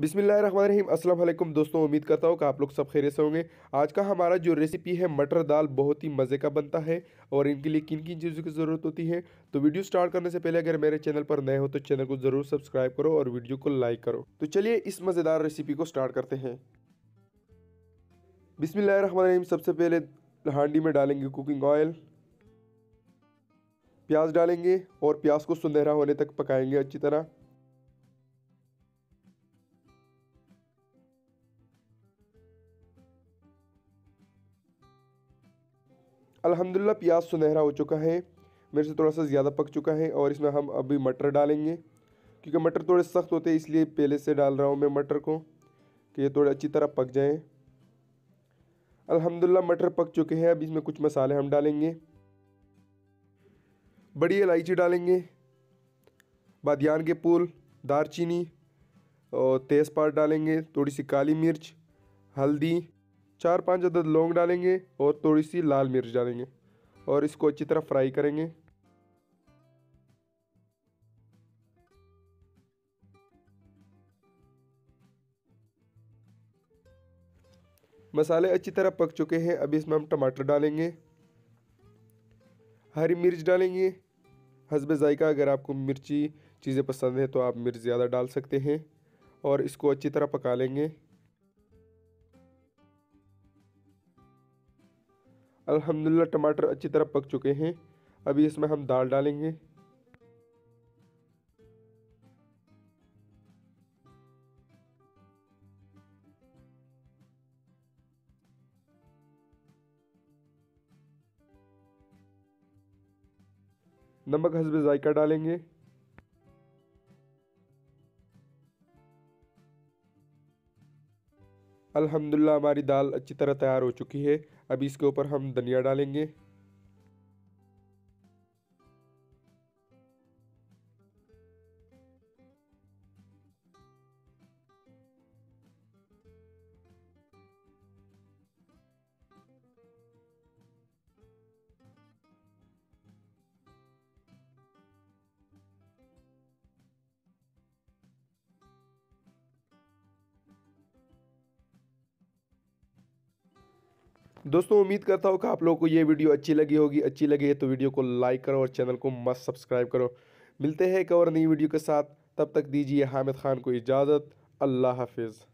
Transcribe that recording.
अस्सलाम वालेकुम दोस्तों उम्मीद करता हूँ कि आप लोग सब खैरियत से होंगे आज का हमारा जो रेसिपी है मटर दाल बहुत ही मज़े का बनता है और इनके लिए किन किन चीज़ों की ज़रूरत होती है तो वीडियो स्टार्ट करने से पहले अगर मेरे चैनल पर नए हो तो चैनल को ज़रूर सब्सक्राइब करो और वीडियो को लाइक करो तो चलिए इस मज़ेदार रेसिपी को स्टार्ट करते हैं बिसमीम सबसे पहले हांडी में डालेंगे कुकिंग ऑयल प्याज डालेंगे और प्याज को सुनहरा होने तक पकाएंगे अच्छी तरह अल्हम्दुलिल्लाह प्याज सुनहरा हो चुका है मेरे से थोड़ा सा ज़्यादा पक चुका है और इसमें हम अभी मटर डालेंगे क्योंकि मटर थोड़े सख्त होते हैं इसलिए पहले से डाल रहा हूँ मैं मटर को कि ये थोड़े अच्छी तरह पक जाएँ अल्हम्दुलिल्लाह मटर पक चुके हैं अब इसमें कुछ मसाले हम डालेंगे बड़ी इलायची डालेंगे बादियान के फूल दारचीनी और तेज़पात डालेंगे थोड़ी सी काली मिर्च हल्दी चार पांच अदद लौंग डालेंगे और थोड़ी सी लाल मिर्च डालेंगे और इसको अच्छी तरह फ्राई करेंगे मसाले अच्छी तरह पक चुके हैं अभी इसमें हम टमाटर डालेंगे हरी मिर्च डालेंगे हसब जायका अगर आपको मिर्ची चीज़ें पसंद है तो आप मिर्च ज़्यादा डाल सकते हैं और इसको अच्छी तरह पका लेंगे अल्हम्दुलिल्लाह टमाटर अच्छी तरह पक चुके हैं अभी इसमें हम दाल डालेंगे नमक हसब जायका डालेंगे अल्हम्दुलिल्लाह हमारी दाल अच्छी तरह तैयार हो चुकी है अब इसके ऊपर हम धनिया डालेंगे दोस्तों उम्मीद करता हूँ कि आप लोगों को ये वीडियो अच्छी लगी होगी अच्छी लगी है तो वीडियो को लाइक करो और चैनल को मस्त सब्सक्राइब करो मिलते हैं एक और नई वीडियो के साथ तब तक दीजिए हामिद खान को इजाज़त अल्लाह हाफिज़